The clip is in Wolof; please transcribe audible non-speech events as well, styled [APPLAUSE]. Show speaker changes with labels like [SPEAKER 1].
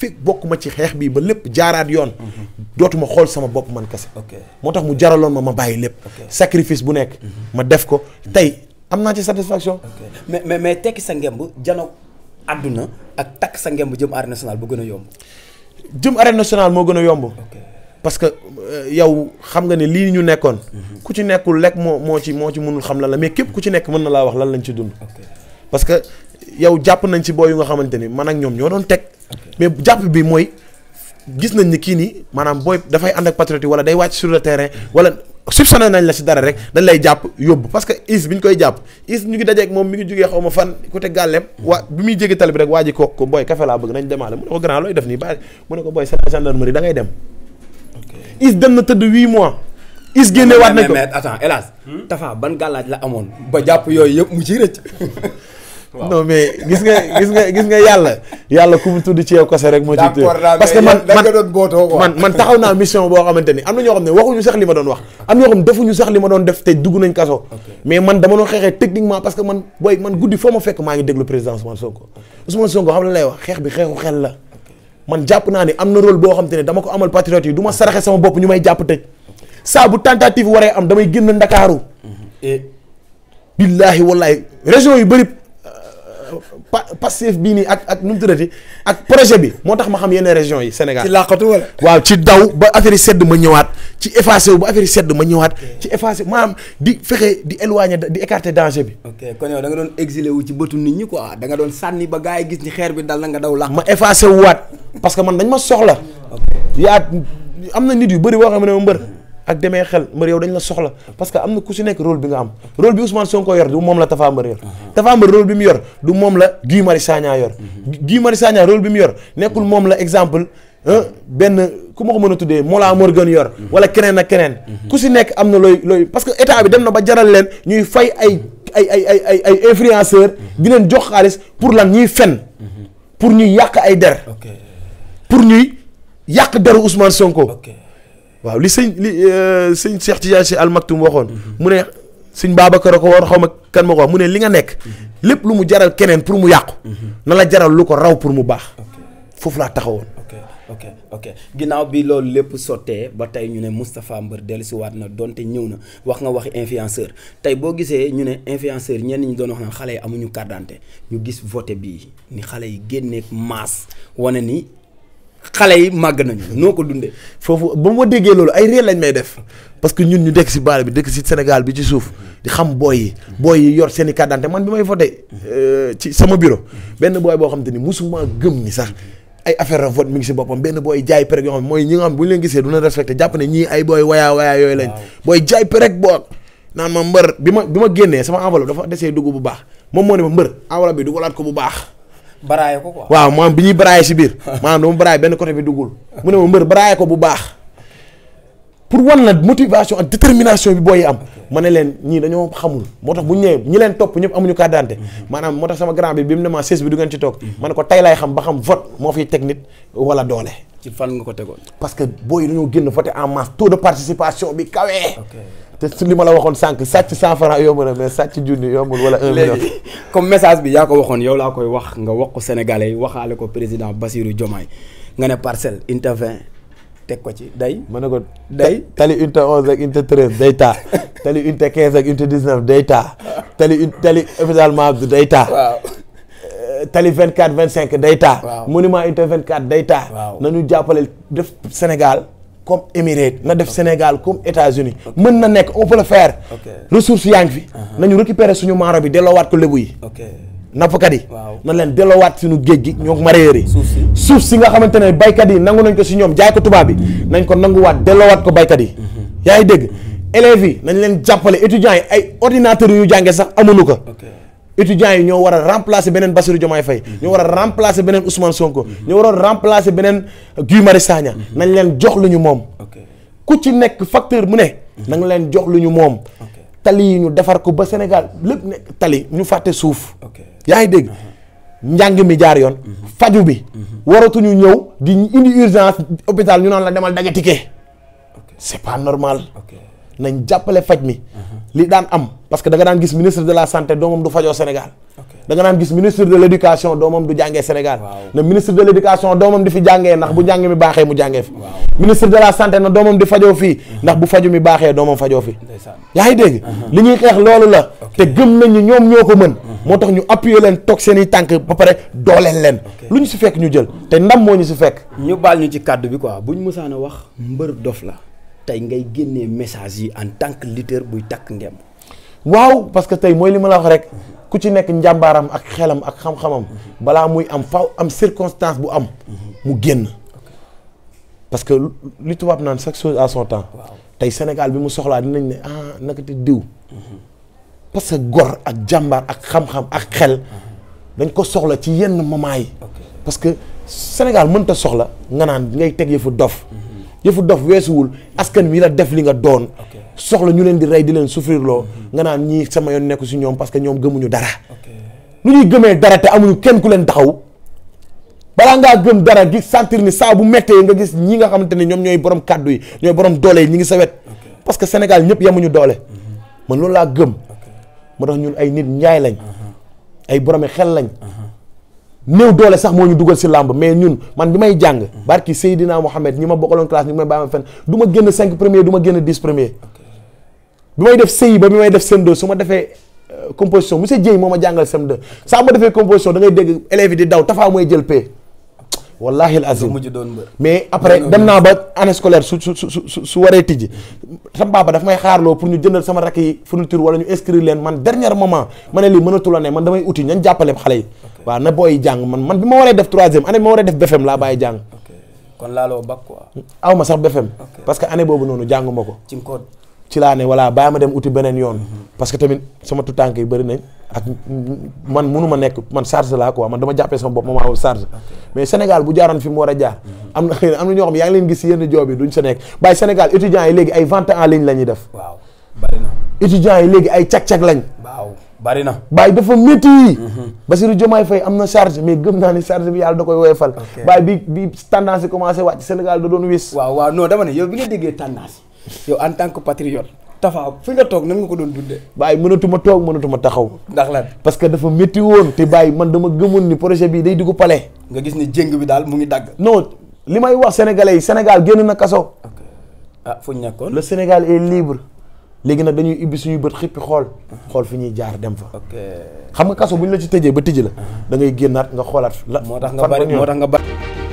[SPEAKER 1] fekk bokk ma ci xeex bi ba lépp jaaraat yoon dootuma xool sama bopp man kese moo tax mu jaraloon ma ma bàyyi lépp sacrifice bu nekk mhm. ma def ko mhm. tey am naa ci satisfaction mais mais mais tekki sa ngemb jano àdduna ak takk sa ngemb jëm arène nationale bu gën a yomb jëm arène nationale moo gën a yomb parce que euh, yow xam nga ne lii ñu nekkoon mhm. ku ci nekkul lekk moo moo ci moo ci mënul xam lan la mais képp ku ci nekk mën na laa wax lan lañ ci dund parce yow jàpp nañ ci booy yu nga xamante ni man ak ñoom ñoo doon teg mais jàpp bi mooy gis nañ ni kii nii maanaam booy dafay ànd ak patriote wala day wàcc sur le terrain wala soupçonné nañ la si dara rek dañ lay jàpp yóbbu parce que is bi ñu koy jàpp is ñu ngi dajeeg moom mi ngi jugee xaw ma fan côté gàllem waa bi muy jéggi tali bi rek ko booy café laa bëgg nañ demaale mu ne ko grand looy def nii bàyyi mu ne ko dem is dem na tëdd huit mois is génne waat nañ ko mais attends hélas Tafa ban gàllaaj la amoon ba jàpp yooyu yëpp mu ciy rëcc [LAUGHS] non mais gis nga gis nga gis nga yàlla. yàlla ku mu tudd ci yow rek moo ci. parce que man man man taxaw naa mission boo xamante ni am na ñoo xam ne waxuñu sax li ma doon wax. am na ñoo xam te dugg nañ kaso. mais man dama doon xeexee techniquement parce que man booy man guddi foo ma fekk maa ngi déglu président Ousmane Sonko. Ousmane man jàpp naa ne am na rôle boo xam te ne dama ko amal patriote yi du ma saraxe sama bopp ñu may jàpp tëj saa bu tentative waree am damay génn Ndakaaru billaahi wallaahi région yu bëri Pastef bii nii ak ak nu ak projet bi moo tax ma xam yenn région yi Sénégal. ci làqatu wala. waaw ci daw ba affaire sedd ma ñëwaat ci effacé ba affaire sedd ma ñëwaat. ci effacé maanaam di fexe di éloigner di écarter danger bi.
[SPEAKER 2] ok kon yow da nga doon exilé wu ci bëtu nit ñi quoi da nga doon sànni ba gars yi gis ni xeer bi dal na nga daw
[SPEAKER 1] làq. ma effacé waat parce man dañ ma soxla. yaa am na nit yu bëri boo xam ne mbër. ak demee xel mbër yow dañ la soxla parce que am na ku si nekk rôle bi nga am rôle bi Ousmane Sonko yor du moom la Tafa Mbër yor Tafa Mbër rôle bi mu yor du moom la Guy Marius Sagna yor Guy Marius Sagna rôle bi mu yor nekkul moom la exemple benn ku ma ko mën a tuddee Mollah Morgun yor wala keneen ak keneen ku si nekk am na looy looy parce que état bi dem na ba jaral leen ñuy fay ay ay ay ay ay ay influenceur di leen jox xaalis pour lan ñuy fen pour ñuy yàq ay der pour ñuy yàq deru Ousmane Sonko waaw li sëñ li euh, sëñ Cheikh Tidiane Sy Al Maktoum waxoon. Mhm. mu ne sëñ Babacar a ko woon xaw ma kan ma ko wax mu ne li nga nekk. Mhm. lépp lu mu jaral keneen pour mu yàqu. Mhm. na la jaral lu ko raw pour mu baax. foofu laa taxawoon.
[SPEAKER 2] ok ok ginnaaw bi loolu lépp sottee ba tey ñu ne Moustapha Mbër dellusiwaat na donte ñëw na wax nga wax influenceur tey boo gisee ñu ne influenceur ñenn ñi doon wax na xale yi amuñu carte ñu gis voté bii ni xale yi génneeg
[SPEAKER 1] masse wane ni. xale yi màgg nañu noo ko dundee. foofu ba ma déggee loolu ay réel lañ may def parce que ñun ñu dëkk si baal bi dëkk si Sénégal bi ci suuf di xam booy yi booy yor seen i carte man bi may voté euh, ci sama bureau benn booy boo xam te ni musuma gëm ni sax ay affaire vote mi ngi si boppam benn booy jaay perek yoo xam mooy ñi nga xam bu ñu leen gisee du leen respecté jàpp ne ñii ay booy wayaa wayaa yooyu lañ. booy jaay perek boo naan ma mbër bi ma bi ma génnee sama enveloppe dafa desee dugg bu baax moom moo ne ma mbër enveloppe bi dugalaat ko bu baax baraaye ko quoi. waaw maanaam bi ñuy baraaye si biir. [LAUGHS] maanaam dama benn côté bi duggul. mu ne ma mbër baraaye ko bu baax. pour wan la motivation ak détermination bi booy am ma ne leen ñii dañoo xamul moo tax bu ñëwee ñi leen topp ñëpp amuñu carte d'identité maanaam moo tax sama grand bi bi mu ne sées bi du ngeen ci toog ma ne ko tey laay xam ba xam vote moo fiy teg nit wala doole ci fan nga ko tegoon parce que booy dañoo génn voté en masse taux de participation bi kawee te su li ma la waxoon sànq sàcc cent francs yomb na mais sàcc junni yombul wala un comme message bi ya ko waxoon yow laa koy wax nga wax ko sénégalais yi waxaale ko
[SPEAKER 2] président Bassirou Diomaye nga ne parcelle intervient teg ko ci day. mën na ko
[SPEAKER 1] day tali unité onze ak unité treize day taa [LAUGHS] tali unité quinze ak unité dix neuf day taa tali une tali hôpital Maabdou day taa. waaw eh, tali vingt quatre vingt cinq day taa. waaw monument unité vingt quatre day taa. na ñu jàppale def Sénégal. comme Émirats na def Sénégal comme États-Unis mën na nekk on peut le faire. ressource yaa ngi fi. Uh-huh. nañu récupérer suñu maaro bi delloowaat ko lébu yi. nappkat yi nan leen dellowaat suñu géej gi ñoo mareyeur yi suuf si nga xamante ne baykat yi nangu nañ ko si ñoom jaay ko tubaab bi nañ ko nanguwaat dellowaat ko baykat yi mhm. yaa ngi dégg élèves yi nañ leen jàppale étudiants yi ay ordinateurs yu jàngee sax amuñu ko étudians yi ñoo war a remplacer beneen Bassirou Diomaye fay mhm. ñoo war a remplacer beneen Ousmane Sonko mhm. ñoo war a remplacer beneen euh, Guy Marius Sagna nañ leen jox lu ñu moom ku ci nekk facteur mu ne nañ leen jox lu ñu moom tali defar ko ba Sénégal lépp nekk tali ñu fàtte suuf yaay deg dégg mi jaar yon faju bi ñu ñew di indi urgence hôpital ñu naan la demal daga ticket c'est pas normal nañ jappalé faj mi mhm. li daan am parce que da nga daan gis ministre de la santé domam du fajo Sénégal da nga daan gis ministre de l'éducation domom du jangé Sénégal na ministre de l'éducation domam di fi jangé nak bu jangé mi baxé mu jangé fi ministre de la santé na domam di fajo fi, mhm. nak bu faju mi baxé domam fajo fi yaay ngi dégg mhm. li ñuy xex loolu la te gëm nañ ñom ñoko mën moo tax ñu appuyer len toog seen i ba paré dooleel len lu ñu si fekk ñu jël té ndam moo ñu si fekk. ñu bal ñu ci kàddu bi quoi buñ mosaan a wax mbeur dof la tay ngay génné message yi en tant que leader buy tak ngem. waaw parce que tay moy li ma la wax rek ku ci nekk njàmbaaram ak xelam ak xam-xamam bala muy am faw am circonstance bu am mu génn parce que li tubaab naan chaque chose à son temps tey Sénégal bi mu soxlaa dinañ ne ah naka te diw. Mhm. parce que gor ak jàmbaar ak xam-xam ak xel dañ ko soxla ci yenn moment yi parce que Sénégal mënta soxla nga naan ngay teg yëfu dof mhm. yëfu dof weesuwul askan wi la def li nga doon soxla ñu leen di rey di leen souffrir mhm. nga naan ñii sama yoon nekku si ñoom parce que ñoom gëmuñu dara lu ñuy gëmee dara te amuñu kenn ku leen taxaw balaa ngaa gëm dara gi sentir ni saa bu méttee nga gis ñi nga xamante ni ñoom ñooy borom kàddu yi ñooy borom doole yi ñi ngi sa wet parce que Sénégal ñëpp yemuñu doole mhm. loolu laa gëm moo tax ñun ay nit njaay lañ uh-huh. ay boromi xel lañ uh-huh. néew doole sax moo ñu dugal si làmb mais ñun man bi may jàng uh-huh. barki Seydina Mohamed ñi ma bokkaloon classe ñi ma bàyyi ma fenn du ma génn cinq premier du ma génn dix premier bi may def CI ba bi may def CM2 su ma defee euh, composition monsieur Dieye moo ma jàngal CM2 saa ma defee composition da ngay dégg élèves di daw tafaa mooy jël p wallahi al azim mais après dem naa ba année scolaire su su su su su waree tijji sama papa daf may xaarloo pour ñu jëndal sama rakk yi fourniture wala ñu inscrire leen man dernier moment ma ne lii mënatul a ne man damay uti ñañ jàppale xale yi waaw na booy jàng man man bi ma waree def troisième année bi ma waree def BFM laa bàyyi jàng
[SPEAKER 2] kon laaloo bac quoi
[SPEAKER 1] aw ma sax BFM parce que année boobu noonu jànguma ko ci laa ne voilà bàyyi ma dem uti beneen yoon. parce que tamit sama tutànk yi bëri nañ. ak man munu ma nekk man charge laa quoi man dama jàppee sama bopp ma maa charge mais Sénégal bu jaaroon fi mu war a jaar. Mhm. am am na ñoo xam yaa ngi leen gis yenn duñ sa nekk bàyyi Sénégal étudiants yi léegi ay la ñuy def. waaw bari yi léegi ay cag-cag lañ.
[SPEAKER 2] waaw bari na.
[SPEAKER 1] bàyyi dafa métti. Mhm. Bassirou Diomaye Faye na charge mais gëm naa ni charge bi yàlla da koy woyofal. ok bàyyi bi bi tendance yi commencé wàcc Sénégal da doon wis. waaw waaw non dama ne yow bi nga déggee tendance. yow en tant que patriote. Tafa fi nga toog nan nga ko doon dundee. bàyyi mënatuma toog mënatuma taxaw. ndax lan parce que dafa métti woon te bàyyi man dama gëmoon ni projet bi day dugg palais. nga gis ni jéng bi daal mu ngi dagg. non li may wax sénégalais yi Sénégal génn na kaso. ah fu nekkoon le Sénégal est libre. léegi nag dañuy ibbi suñu bët xippi xool xool fi ñuy jaar dem fa. xam nga kaso bu ñu la ci tëjee ba tijji la. Ah. da ngay génnaat nga xoolaat. la moo tax nga bari moo tax nga ba